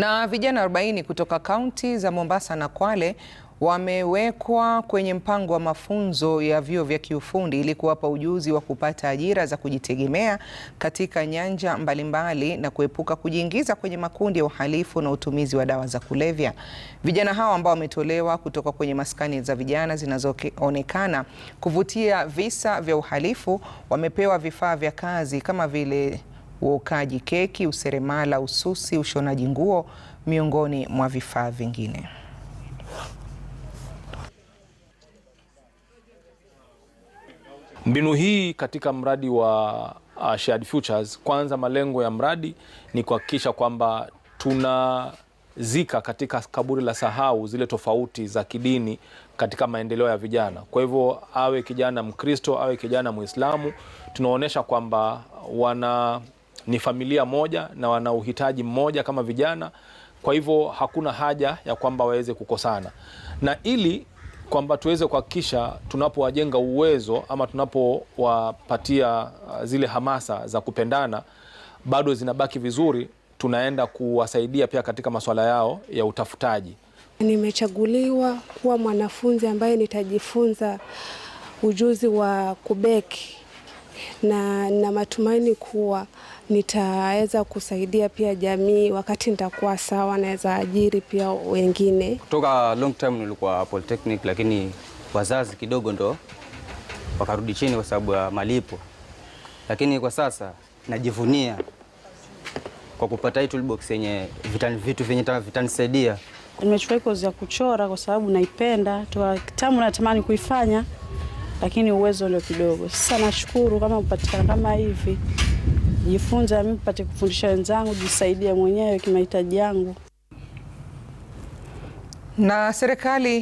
Na vijana 40 kutoka kaunti za Mombasa na Kwale wamewekwa kwenye mpango wa mafunzo ya vyuo vya kiufundi ili kuwapa ujuzi wa kupata ajira za kujitegemea katika nyanja mbalimbali mbali na kuepuka kujiingiza kwenye makundi ya uhalifu na utumizi wa dawa za kulevya. Vijana hao ambao wametolewa kutoka kwenye maskani za vijana zinazoonekana kuvutia visa vya uhalifu wamepewa vifaa vya kazi kama vile uokaji keki, useremala, ususi, ushonaji nguo, miongoni mwa vifaa vingine. Mbinu hii katika mradi wa uh, Shared Futures, kwanza malengo ya mradi ni kuhakikisha kwamba tunazika katika kaburi la sahau zile tofauti za kidini katika maendeleo ya vijana. Kwa hivyo awe kijana Mkristo, awe kijana Muislamu, tunaonyesha kwamba wana ni familia moja na wana uhitaji mmoja kama vijana. Kwa hivyo hakuna haja ya kwamba waweze kukosana, na ili kwamba tuweze kuhakikisha tunapowajenga uwezo ama tunapowapatia uh, zile hamasa za kupendana bado zinabaki vizuri, tunaenda kuwasaidia pia katika masuala yao ya utafutaji. Nimechaguliwa kuwa mwanafunzi ambaye nitajifunza ujuzi wa kubeki na na matumaini kuwa nitaweza kusaidia pia jamii. Wakati nitakuwa sawa, naweza ajiri pia wengine. Kutoka long time nilikuwa polytechnic, lakini wazazi kidogo ndo wakarudi chini kwa sababu ya malipo, lakini kwa sasa najivunia kwa kupata hii toolbox yenye vitu vyenye vitanisaidia. Nimechukua kozi ya kuchora kwa sababu naipenda toa kitamu, natamani kuifanya lakini uwezo ndio kidogo. Sasa nashukuru kama kupatikana kama hivi, jifunza mimi pate kufundisha wenzangu, jisaidia mwenyewe kimahitaji yangu na serikali